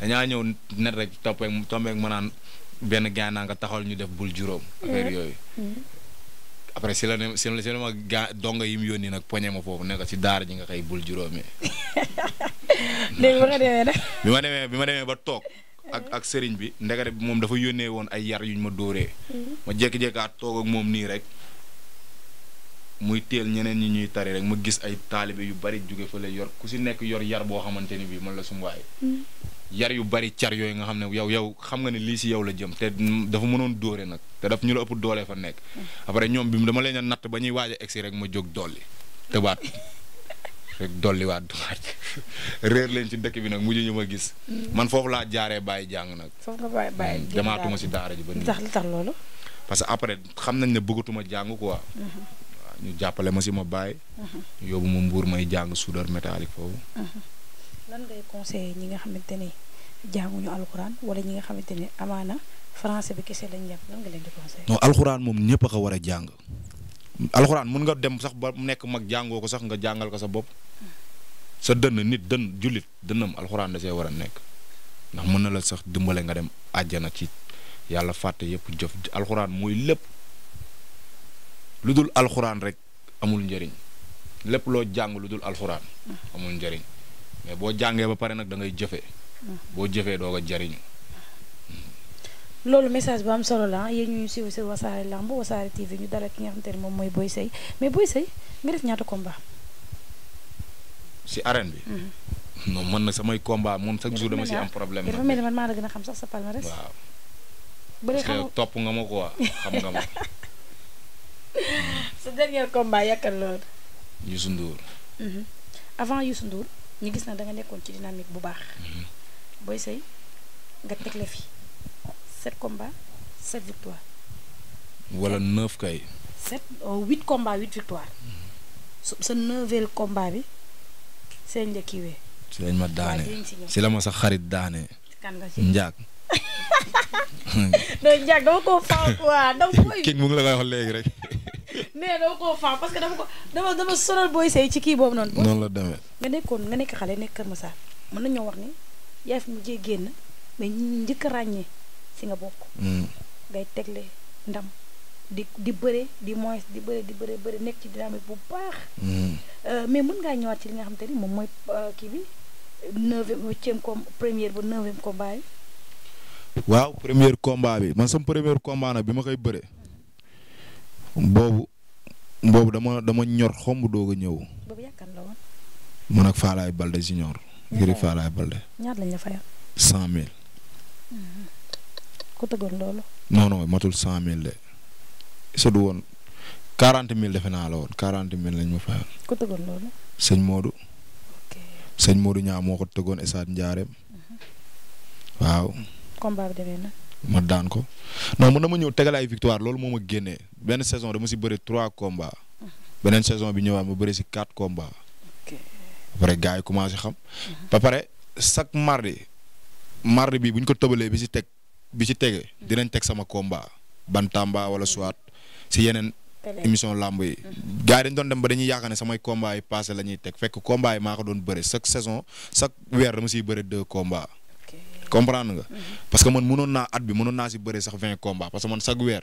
dañaa ñëw net rek toppee tombeek ma naan benn gars naa nga taxawal ñu def bul juróom. affaire mm-hmm. yooyu. Mm-hmm. après si la ne si la ma gaa donga yi mu yónni nag poñe ma foofu nekk si daara ji nga xëy bul juróomi. léegi bi ma demee bi ma demee ba toog. ak sëriñ bi ndekete bi moom dafa yónnee woon ay yar yuñ ma dóoree. Mm-hmm. ma jékki-jékkaat toog ak moom nii rek. muy teel ñeneen ñi ñuy tari rek ma gis ay taalibe yu bari jóge fa lay yor ku si nekk yor yar boo xamante ni bii man la sum yar yu bari car yooyu nga xam ne yow yow xam nga ne lii si yow la jëm te dafa mënoon dóore nag te daf ñu la ëpp doolee fa nekk. Mm. après ñoom bi dama leen a natt ba ñuy waaja a egsi rek ma jóg dolli tëbaat rek dolliwaat duwaat réer leen ci dëkk bi nag mujj ñu gis. Mm. man foofu laa jaaree bàyyi jàng nag. foofu mm, si daara ji ba. li tax li tax parce que après xam nañ ne bëggatuma jàng quoi. Mm-hmm. ñu jàppale ma si ma bàyyi. Mm-hmm. yóbbu ma mbuur may jàng soudeur métallique foofu. Mm-hmm. lan ngay ñi nga xamante ni jànguñu alxuraan wala ñi nga xamante ni amaana français bi kese alxuraan moom ñëpp a ko war a jàng. alxuraan mun nga dem sax ba nekk mag jàngoo ko sax nga jàngal ko sa bopp. sa dënn nit dënn jullit dënnam alxuraan da see war a nekk ndax mën na la sax dimbale nga dem àjjana ci yàlla fàtte yëpp jëf alxuraan mooy lépp lu dul alxuraan rek amul njëriñ lépp loo jàng lu dul alxuraan mm. amul njëriñ. mais boo jàngee ba pare nag da ngay jëfee. Hmm. boo jëfee doog ko jariñu. loolu message bu am solo la yéen ñu suivre si wasaare lamb wasaare TV ñu dalal ki nga xamante ne moom mooy Boy Seye mais Boy Seye nga def ñaata combat. si arène bi. Hmm. non man na samay combat moom chaque jour dama si am problème. dafa mel maa la gën a xam sax sa palmarès. waaw parce que topp nga ma ko xam nga ma. sa dernier combat yàkkal loolu. Youssou Ndour. Mhm. avant Youssou Ndour. ñu gis na da nekkoon ci dynamique bu baax. Mhm. booy sëy nga tegle fi sept combats sept victoires. wala neuf kay. sept oh, huit combats huit victoires. Mhm. su sa neuvième combat bi seen la kiiwee. si ma daane si la ma sa xarit daane. kan nga ci njaag. non njaag dama ko faaw dama koy. kii mu la koy wax léegi rek. nee dama koo faaw parce que dama ko dama dama sonal booy sey ci kii boobu noonu. noonu la demee. nga nekkoon nga nekk xale nekk Kër Masar mën wax ni yaay fi mujjee génn mais ñi njëkk ràññee si nga bokk. Mm. ngay tegle ndam di di bëre di moins di bëre di bëre bëre nekk ci dynamique bu baax. Mm. Euh, mais mën ngaa ñëwaat ci li nga xamante ni moom mooy euh, kii bi neuvième huitième com première bu neuvième combat yi. bi man nag bi ma koy bëre. boobu boobu dama dama ñor xomb doog a ñëw. boobu ak Faalaay Balde junior. ngir Faalaay Balde. ñaata lañ cent mille. Mm-hmm. ku matul cent mille de. isa woon quarante mille defe naa la woon quarante mille lañ ma fayal. ku tëggoon loolu. sëñ Modou. ok sëñ tëggoon Esaat Ndiarème. Mm-hmm. waaw. ma daan ko non mën na ma ñëw tegalaay ay victoire loolu moo ma génnee benn saison dama si bëri trois combats beneen saison bi ñëwaat ma bëri si quatre combats. pare gars yi commencé xam. ba pare chaque mardi mardi bi buñ ko tëbalee bi si teg bi si tege dinañ teg sama combat bantamba wala soit si yeneen. émission làmb yi. Mhm. gars yi dañ doon dem ba dañuy yaakaar samay combat yi passé la teg fekk combat yi maa ko doon bëri chaque saison chaque weer dama siy bëri deux combats. comprendre nga. parce que man mënoon naa at bi mënoon naa si bëre sax vingt combats parce que man chaque weer.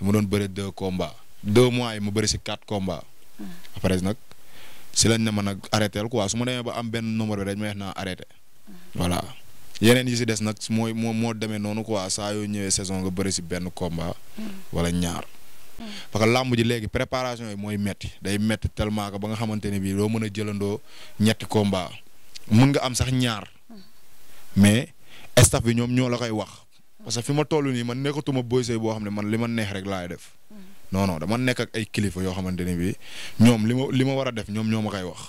dama doon bëre deux combats deux mois yi ma bëri si quatre combats. après nag si lañ ne ma nag arrêté quoi su ma demee ba am benn numéro rek ma naa arrêté. voilà yeneen yi si des nag mooy moo moo demee noonu quoi saa yoo ñëwee saison nga bëri si benn combat. wala ñaar. parce que làmb ji léegi préparation yi mooy metti day metti tellement que ba nga xamante ne bii doo mën a jëlandoo ñetti combat mun nga am sax ñaar mais. staff bi ñoom ñoo la koy wax parce que fi ma toll nii man nekkatuma Boy Seye boo xam ne man li ma neex rek laay def non non dama nekk ak ay kilifa yoo xamante ne bii ñoom li ma li ma war a def ñoom ñoo ma koy wax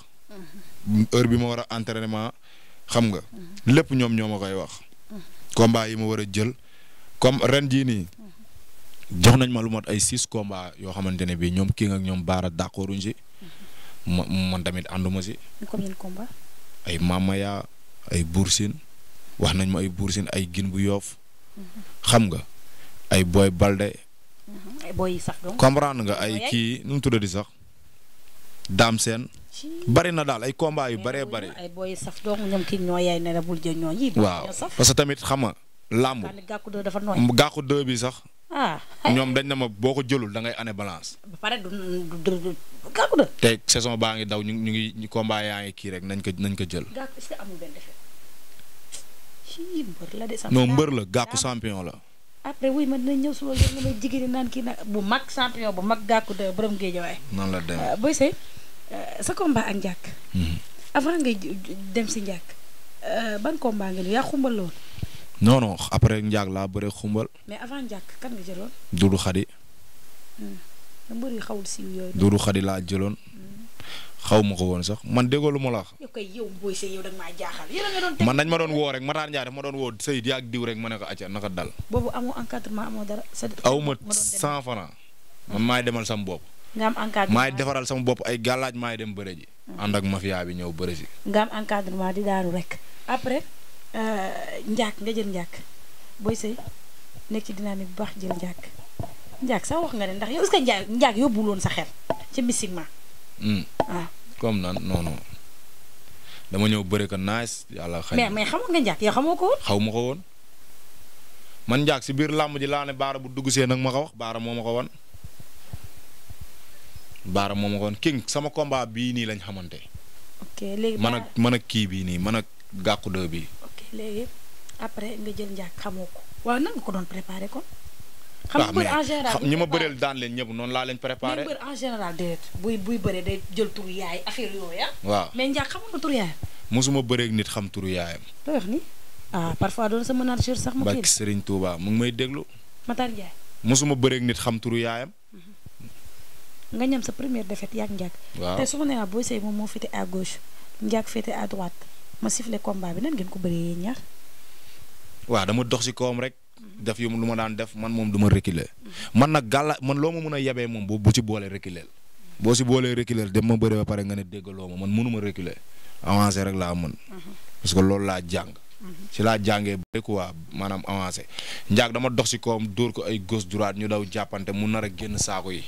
heure bi ma war a entraînement xam nga lépp ñoom ñoo ma koy wax combat yi ma war a jël comme ren jii nii jox nañ ma lu mat ay six combats yoo xamante ne bii ñoom kii ak ñoom Baara d'accorduñ si ma man tamit ànduma si. combien de combats. ay Mamaya ay Boursine wax nañ ma ay Bour Sine ay Gin bu Yoof xam nga ay Boy Balde. ay boy nga ay kii nu mu di sax. daam seen. bari na daal ay combat yu baree bari. ay waaw parce que tamit xam nga. làmb gàkku dëë dafa nooy bi sax. Ah. ñoom dañ na ma boo ko jëlul da ngay année balance. te saison baa ngi daw ñu ngi ñu ngi yaa ngi kii rek nañ ko nañ ko jël. kii mbër la de. non gàkku champion la. après wuy ma dinañ ñëw suba nga may jigéen naan kii nag bu mag champion bu mag gàkku de borom géej waaye. noonu la demee euh, booy sey euh, sa combat ak njàkk. Mhm. avant ngay dem si njàkk euh, ban combat nga ni yaa xumbal lool. non non après njaag laa bëre xumbal. mais avant njaag kan nga jëloon. Dudu Xadi. Hmm. mbër yi xawul siiw yooyu. Dudu Xadi laa jëloon. xawma ko woon sax man déggoo lu ma la wax. yow kay yow Boy Seye a man nañ ma doon woo rek Matar Ndiaye dafa ma doon woo Seye yaa ak diw rek ma ne ko acca naka dal. boobu amoo encadrement amoo dara. aw ma cent franc man maay demal sama bopp. nga am encadrement maay defaral sama bopp ay gàllaaj maay dem bëre ji. Hmm. ànd ak mafia bi ñëw bëre ji. nga am encadrement di daanu rek. après euh, njaak nga jël njaak Boy Seye nekk ci dynamique bu baax jël njaak njaak sax wax nga ne ndax yow est-ce que njaak njaak yóbbuwuloon sa xel ci bisimilah. Hmm. Ah. comme nan noonu non dama ñëw bari ko nice yàlla xëy mais mais xamoon nga Ndiak yow xamoo ko woon. xaw ma ko woon man Ndiak si biir làmb ji laa ne Baara bu dugg see nag ma ko wax Baara moo ma ko woon Baara moo ma ko woon King sama combat bii nii lañ xamante. ok léegi man ak man ak kii bii nii man ak gàqu dëw bii. ok léegi après nga jël Ndiak xamoo ko waaw nan ko doon préparé ko. xam nga mbër en général ñi ma bëreel daan leen ñëpp noonu laa leen préparé. en général déet buy buy bëree day jël turu yaay affaire yooyu ah. waaw mais Ndiaye xam nga turu yaayam. nit xam turu yaayam. Ah, sax. ma kii la Serigne Touba mu may déglu. Matar Ndiaye. mosuma bëreeg nit xam turu yaayam. Mm-hmm. nga ñam sa première défaite yaag Ndiaye. waaw te su ma nee naa moom moo féete à gauche Ndiaye féete à droite ma sifflé combat bi nan ngeen ko bëree yéen ñaar. waaw dama dox ci kawam rek. def yu lu ma daan def man moom duma ma man nag gàlla man loo ma mën a yebee moom bu ci boolee reculer boo si boolee reculer dem ma bëre ba pare nga ne déggaloo ma man mënu ma reculer avancer rek laa mën parce que loolu laa jàng si laa jàngee bëri quoi maanaam avancé njaag dama dox si kawam dóor ko ay gauche droite ñu daw jàppante mu nar a génn saako yi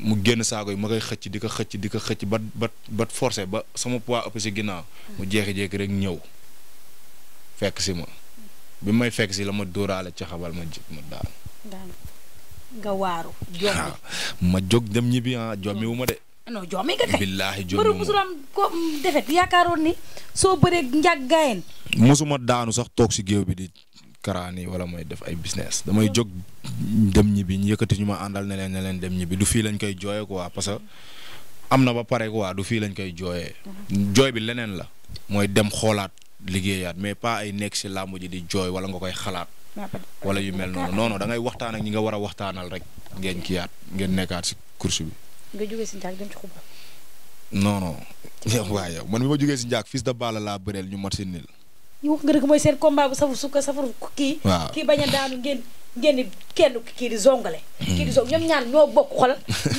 mu génn saako yi ma koy xëcc di ko xëcc di ko xëcc ba ba ba forcé ba sama poids ëpp si ginnaaw mu jeexi-jeexi rek ñëw fekk si ma bi may fekk si la ma dóoraale ci xabal ma ji ma daal. ma jóg dem ñibbi ah jommi ma de. non jommi billaahi jommi wu ma mësul am ko mm, defet daanu sax toog géew bi di karaani wala mooy def ay business damay jóg dem ñibbi ñu yëkkati ñu ma àndal neleen leen ne leen dem ñibbi du fii lañ koy jooyee quoi parce que am na ba pare quoi du fii lañ koy jooyee. Mhm. jooy bi leneen la. mooy dem xoolaat. liggéeyaat mais pas ay nekk si làmb ji di jooy wala nga koy xalaat. wala yu mel noonu non non da ngay waxtaan ak ñi nga war a waxtaanal rek. ngeen kiyaat ngeen nekkaat si course bi. njaag dem ma jógee si njaag fils de Balla laa bëreel ñu mat si nil. ñu wax nga rek mooy seen combat safur sukka safur kii. kii bañ daanu ngeen ngeen kenn kii di zongale. Hmm. kii di zong ñoom ñaar ñoo bokk xol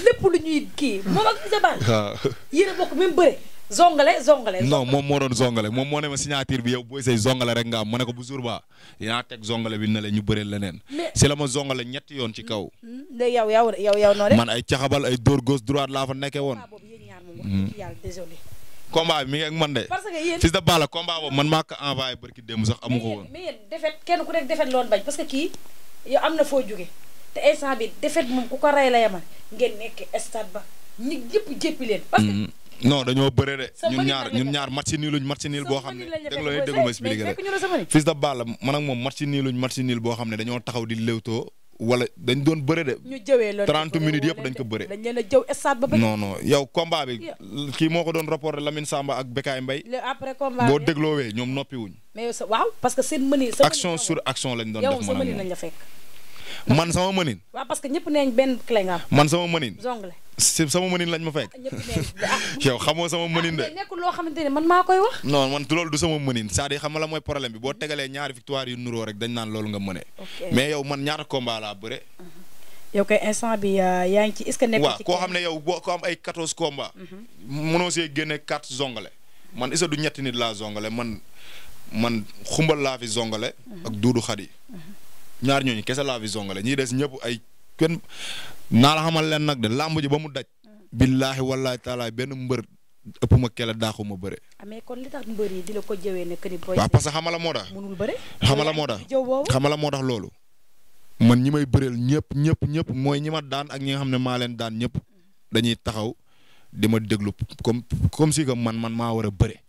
lépp lu ñuy kii moom ak fils de Balla. waaw bokk même bëre. zongale zongale. non moom moo doon zongale moom moo ne ma signature bi yow booy say zongale rek nga am ma ne ko bu jour ba yaa teg zongale bi na la ñu bëreel leneen. si la ma zongale ñetti yoon ci kaw. léegi mm, yow yow yow yow noonu man ay caxabal ay dóor gauche droite laa fa nekkee woon. Mm. combat bi mi ngi man de. parce de Balla combat boobu man maa ko envoyé barki démb sax amu ko woon. mais yéen defet kenn ku nekk no dañoo bëre de ñun ñaar ñun ñaar match nii luñ match niil boo xam ne dégg la déglu ma expliqué la fils de niil boo xam ne dañoo taxaw di léwtoo wala dañ doon bëre de. ñu jëwee loolu minutes yëpp dañ ko bëre. dañ leen a jëw ba. bi kii moo ko doon rapport Lamine Samba ak Bekaay Mbaye. après combat boo dégloowee ñoom noppi wuñ. mais parce que seen mëni. action sur action lañ doon def mën a man sama mënin. que ñëpp man sama mënin. si sama mënin lañ ma fekk. Ah. yow xamoo sama mënin de. Ah, nekkul loo xamante ne man maa koy wax. non man loolu du sama mënin cest xam nga la mooy problème bi boo tegalee ñaari victoire yu nuroo rek dañ naan loolu nga mëne. mais yow man ñaata combat laa bëre. Uh-huh. yow euh, ko am ay 14 combats. Uh-huh. mënoo see génne 4 zongale. man isa du ñetti nit laa zongale man man xumbal laa fi zongale. ak uh-huh. duudu xadi ñaar ñooñu kese laa fi zongale ñi des ñëpp ay kenn naa la xamal leen nag de làmb ji ba mu daj. billaahi wallaahi taalaay benn mbër ëppuma ma kele daaxu ma bëre. Ah, mais kon parce que xamala moo tax. mënul bëre xamala moo tax loolu. man ñi may bëreel ñëpp ñëpp ñëpp mooy ñi ma daan ak ñi nga xam ne maa leen daan ñëpp dañuy taxaw di ma déglu comme comme si que man man maa war a bëre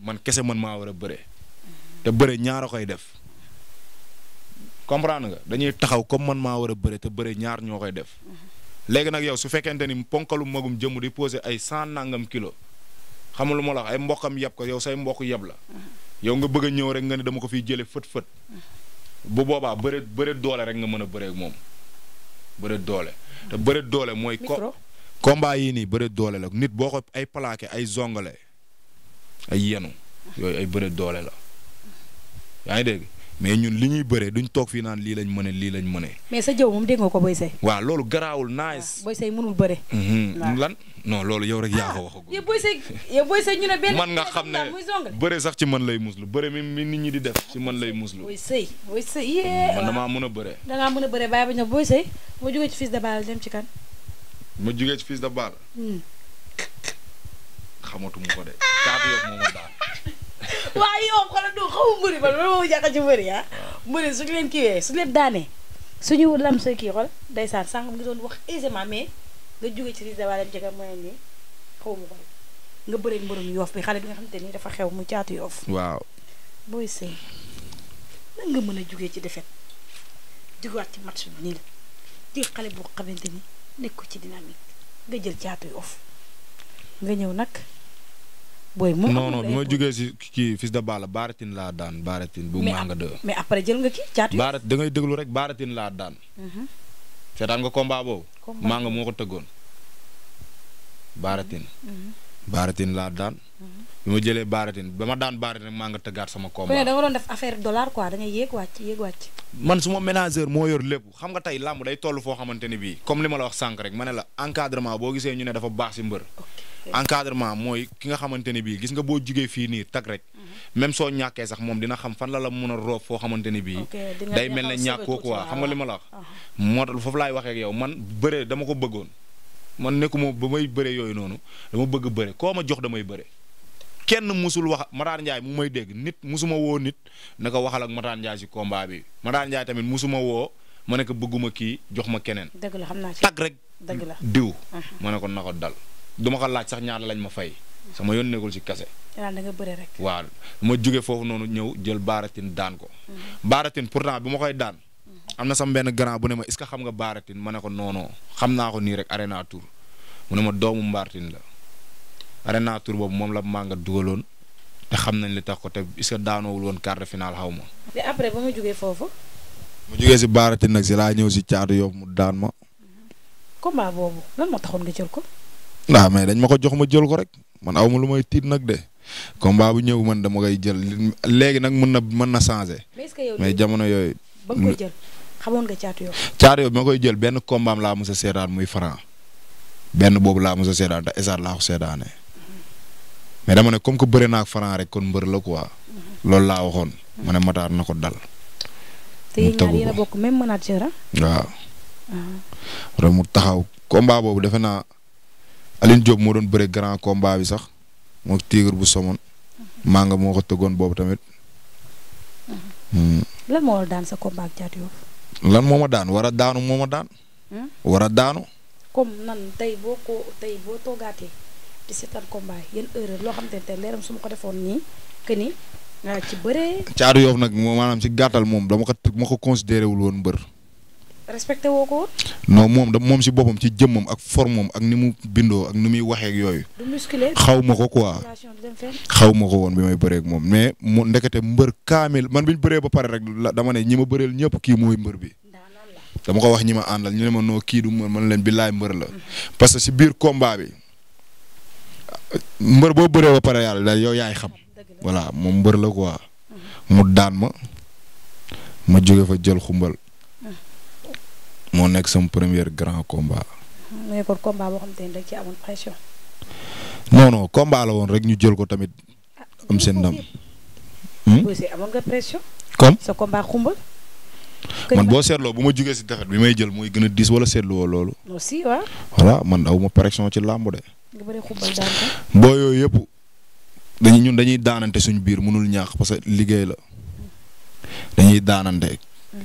man kese man maa war a bëre te bëre ñaara koy def. comprendre dañuy taxaw comme man maa war a bëre te bëre ñaar ñoo koy def mhm. léegi nag yow su fekkente ni ponkalu magum jëmm di posé ay cent nangam kilo xam lu ma la wax ay mbokkam yab ko yow say mbokk yab la mhm. yow nga bëgg a ñëw rek nga ne dama ko fiy jëlee fët fët mhm. bu boobaa bëre bëre doole rek nga mën a bëreek moom bëre doole. te bëre doole mooy. ko combat yi nii bëre doole la nit boo ko ay plaqué ay zongale ay yenu yooyu ay bëre doole la yaa ngi dégg. mais ñun li ñuy bëree duñ toog fii naan lii lañ mëne lii lañ mëne. mais sa jëw moom dégg nga ko Boy Seye. waaw loolu garaawul nice. Boy Seye mënul bëre. Mm-hmm. lan non loolu yow rek yaa ko ah, wax. yow Boy man nga xam ne bëre sax ci man lay muslu bëre mi mi nit ñi di def ci man lay muslu. Boy Seye Boy Seye yee. man damaa mën a bëre. da mën a bëre bàyyi ba ñu Boy Seye ma jógee ci fils de balle dem ci kan. ma jógee ci fils de balle. Hmm. xamatuma ko de. waaye yow xoolal du xaw ma mbëri man man ma jàkka ci mbëri ah. mbëri suñu leen kiiwee su leen daanee suñu lam sa kii xool ndeysaan sànq mu ngi doon wax aisément mais nga jóge ci Liss Dabala dem ci mooy ni xaw ma nga bëreeg mbërum yoof bi xale bi nga xamante ni dafa xew mu jaatu yoof. waaw. Boy Sèye nan nga mën a jóge ci defet jógewaat ci match bi nii la di xale boo xamante ni nekk ko ci dynamique nga jël caatu yoof nga ñëw nag. booy moom non non bi ma jógee si kii fils de Balla baaratin laa daan baaratin bu Manga 2. mais après jël nga kii caatu baarat da ngay rek baaratin laa daan. Mhm. seetaan nga combat boobu. combat Manga moo ko tëggoon baaratin. Mhm. laa daan. Mhm. bi ma jëlee baaratin ba ma daan baaratin maa nga tëggaat sama combat. mais da nga man suma ma moo yor lépp xam nga tey làmb day toll foo xamante ni bii comme li ma la wax sànq rek ma ne la encadrement boo gisee ñu ne dafa baax si mbër. encadrement mooy ki nga xamante ni bii gis nga boo jugee fii nii tag rek mhm. même soo ñàkkee sax moom dina xam fan la la mën a roof foo xamante ni bii day mel ne ñàkkoo quoi xam nga li ma la wax moo tax foofu laay waxee ak yow man bëre dama ko bëggoon man nekkuma ba may bëre yooyu noonu dama bëgg bëre koo ma jox damay bëre kenn musul wax Matar Ndiaye mu may dégg nit musuma woo nit na ko waxal ak Matar Ndiaye si combat bi Matar Ndiaye tamit musuma woo ma ne ko bëgguma kii jox ma keneen. dëgg la xam tag rek. diw. ma ne ko na dal du ma ko laaj sax ñaata lañ ma fay. sama yoon nekkul ci kase. da nga jóge foofu noonu ñëw jël baaratin daan ko. Mhm. baaratin pourtant bi ma koy daan. Mhm. am na sama benn grand bu ne ma est-ce que xam nga baaratin ma ne ko noono xam naa ko nii rek arena tour mu ne ma doomu mbaartin la. arena tour boobu moom la Manga dugaloon te xam nañ li tax ko te est-ce que daanoowul woon quart de finale xaw mu jugee foofu. mu jugee si baarati nag si laa ñëw si caatu yow mu daan ma. combat boobu lan mais dañ ma ko jox ma jël ko rek man aw ma lu may tiit nag de combat bu ñëw man dama koy jël léegi nag mën na mën na changer. mais jamono yooyu. ba nga koy jël xamoon koy jël benn combat laa mos a muy franc benn boobu laa mos a seetaan te esaat laa ko seetaanee. mais dama ne comme que bëre naa ak Franc rek kon mbër la quoi. Mhm. loolu laa waxoon. ma ne Matar na ko dal. waaw. Ah. ren mu taxaw combat boobu defe naa Aline Diop moo doon bëre grand komba bi sax moo Tigre bu Somone. Mhm. maa nga moo ko tëggoon boobu tamit. Mhm. Hmm. lan moo daan sa combat ak Thiatou lan moo ma daan war daanu moo ma daan. Hmm? tey boo ko di seetaan combat ah, ci bëree. Yoof nag moom si gàttal moom dama ma ko considéré woon mbër. respecté moom da moom si boppam ci jëmmam ak formam ak ni mu bindoo ak ni muy waxeek yooyu. du xaw ma ko quoi. xaw ko woon bi may bëree moom mais mu ndekete mbër kaamil man bi bëree ba pare rek dama ne ñi ma bëreel ñëpp kii mooy mbër bi. dama ko wax ñi ma àndal ñu ne ma noo kii du mbër man leen bi mbër la. parce que si biir combat bi. mbër boo bëree ba pare yàlla yow yaay xam voilà moom mbër la quoi mu daan ma ma jóge fa jël xumbal moo nekk sama premier grand combat. mais combat la woon rek ñu jël ko tamit ah, am seen ndam. aussi hmm? amoon nga pression. comme man boo seetloo bu ma jugee si defet bi may jël mooy gën a diis wala seetloo loolu. aussi man aw ma pression ci làmb de. nga boo yooyu yëpp dañuy ñun dañuy daanante suñu biir mënul ñaax parce que liggéey la dañuy daanante. Mm-hmm.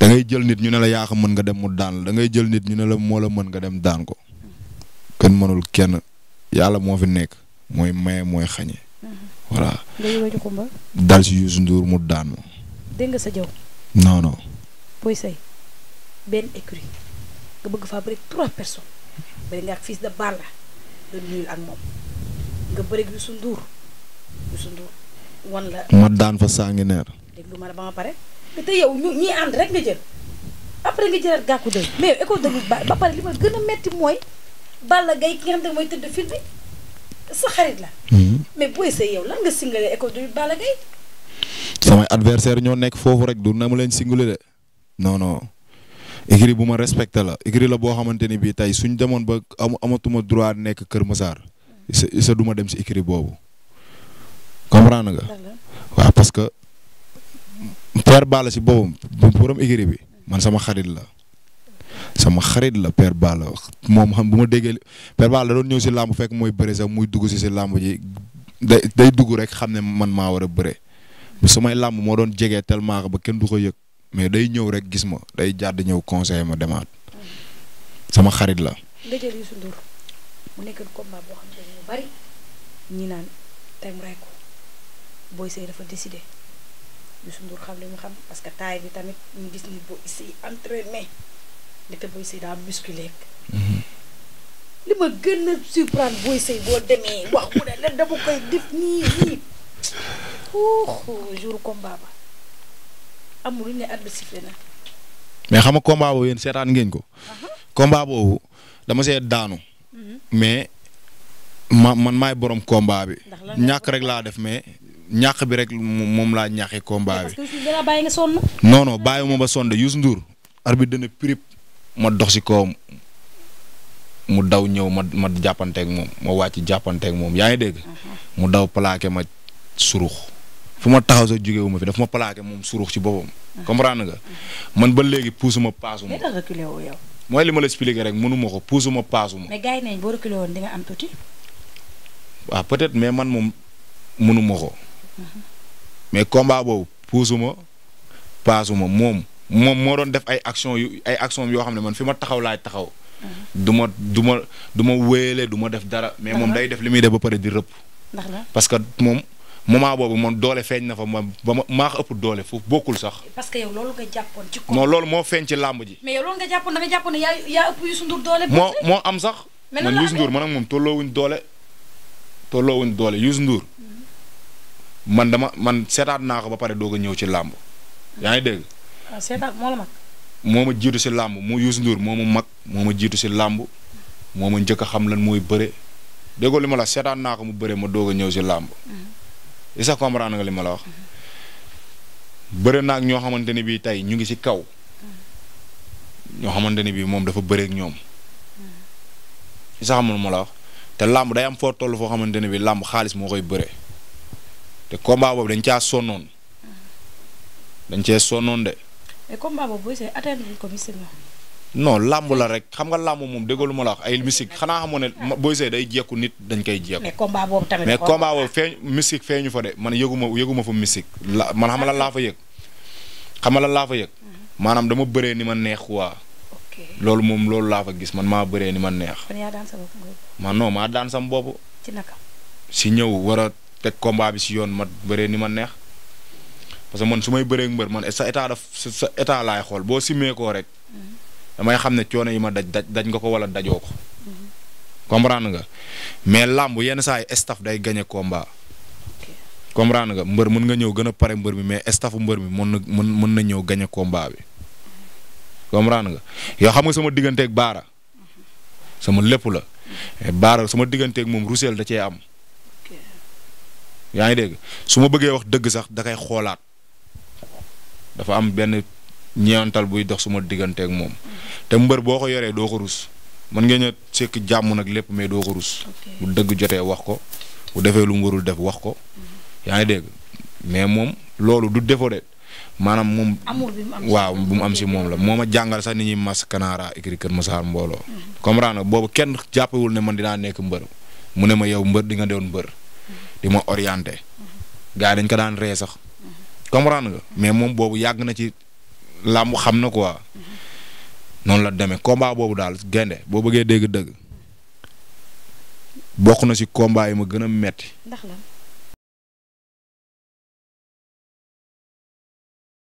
dangay jël nit ñu ne la yaa mën nga dem mu daan la da ngay jël nit ñu ne la moo la mën nga dem daan ko. Mm-hmm. kenn mënul kenn yàlla moo fi nekk mooy maye mooy xañe. Mm-hmm. voilà dal si Youssou Ndour mu daan ma. nga nuyul ak moom nga daan fa sanguinaire. déglu ma la ba ma pare li ma gën a metti mooy Balla Gaye ki nga xam ne mooy tëdd fil bi sa xarit la. Hmm. mais booy say yow lan nga singalee école de Balla Gaye. samay adversaire ñoo nekk foofu rek du na mu leen singulé de non écurie bu ma respecté la écurie la boo xamante ni bii tey suñ demoon ba amatuma droit nekk Kër Massar isa duma dem si écurie boobu comprendre nga. waaw parce que Père Balla si boppam borom écurie bi man sama xarit la. sama xarit la Père Balla moom xam bu ma déggee Père Balla doon ñëw si làmb fekk mooy bëre sax muy dugg si si làmb ji day day dugg rek xam ne man maa war a bëre. samay làmb moo doon jegee tellement ba kenn du ko yëg. mais day ñëw rek gis ma day jàdd ñëw conseil ma demaat. sama xarit la. nga jël Youssou mu nekk combat boo xam ne ñu bari ñi naan tey mu rey ko Boy dafa décidé Youssou Ndour xam li mu xam parce que taay bi tamit ñu gis ni Boy Seye entraîné ndeke Boy Seye daa musculé. Mhm. li ma gën a surprendre Boy Seye boo demee wax mu ne la dama koy def nii nii. jour combat ba. mais xam nga combat boobu yéen ngeen ko. combat boobu dama see daanu. Mhm. mais ma man maay borom komba bi. ñàkk rek laa def mais ñàkk bi rek moom laa ñàkkee komba bi. parce que bàyyi nga sonn. non non bàyyi ma ba sonn ma dox si kawam mu daw ñëw ma ma jàppanteek moom ma wàcc jàppanteek moom yaa ngi dégg. mu daw plaqué ma surux. fu ma taxaw sax jógewu ma fi daf ma plaqué moom surux ci boppam. comprendre nga man ba léegi puusuma paasuma. mais dafa mooy li ma la expliqué rek mënuma ko puusuma paasuma. mais gars yi peut-être mais man moom mënuma ko. mais combat boobu puusuma paasuma moom moom moo doon def ay action yu ay action yoo xam ne man fi ma taxaw laay taxaw. Mhm. du ma du ma du ma wéyale du ma def dara. mais moom day def li muy def ba pare di rëpp. parce que moom. moment boobu man doole feeñ na fa ma ba ma maa ko doole foofu bokkul sax. parce que loolu moo feeñ ci làmb ji. moo moo am sax. mais man Youssou Ndour man tolloowuñ doole tolloowuñ doole Youssou Ndour man dama man seetaat naa ko ba pare doog a ñëw ci làmb. yaa ngi dégg. waaw ah, moo la mag. moo ma jiitu si làmb mu Youssou Ndour moo ma mag moo ma jiitu si làmb moo ma njëkk xam lan mooy bëre déggoo li ma la seetaat naa ko mu bëre ma doog a ñëw si làmb. Mm-hmm. sa isa comprendre nga li ma la wax bëri ak ñoo xamante ne bii tey ñu ngi ci kaw ñoo xamante ne bii moom dafa bëreeg ñoom isa xamul ma la wax te làmb day am foo toll foo xamante ne bii làmb xaalis moo koy bëre te combat boobu dañ caa sonoon dañ cee sonnoon de. non làmb la rek xam nga làmb moom déggoolu ma la wax ay musique xanaa xamoon ne Boy Seye day jékku nit dañ koy jékku. mais combat boobu feeñu fa man yëgu ma ma fa musique la man xam nga lan laa fa yëg xam nga mhm. maanaam dama bëree ni ma neex waa moom loolu laa fa gis man maa bëree ni ma neex. man non maa daan sam bopp. si ñëw war a teg combat bi si yoon ma bëree ni ma neex parce que man su may bëree mbër man sa état daf sa état laay xool boo simee koo rek. damay xam ne coono yi ma daj daj daj nga ko wala dajoo ko. comprendre nga mais làmb yenn saa yi staff day gagné combat. comprendre nga mbër mën nga ñëw gën a pare mbër mi mais staffu mbër mi mën na mën mën na ñëw gagné combat bi. comprendre nga yow xam nga sama digganteeg Baara. sama lépp la. Baara sama digganteek moom Roussel da cee am. yaa ngi dégg su ma bëggee wax dëgg sax da kay xoolaat. dafa am benn ñeewantal buy dox suma digganteeg moom te mbër boo ko yoree doo ko rus mën ngeen a sekk jàmm nag lépp mais doo ko rus bu dëgg jotee wax ko bu defee lu mbërul def wax ko mhm. yaa ngi dégg mais moom loolu du defoo de maanaam moom. waaw bu mu am si moom la moo ma jàngal sax ni ñuy mas kanaara écrit Kër Masaar mbooloo. Mhm. comprendre boobu kenn jàppewul ne man dinaa nekk mbër mu ne ma yow mbër di nga doon mbër mhm. di ma orienté gars dañ ko daan ree sax comprendre nga mais moom boobu yàgg na ci. làmb xam na quoi noonu la demee combat boobu daal gaynde boo bëggee dégg dëgg bokk na si combat yi ma gën a metti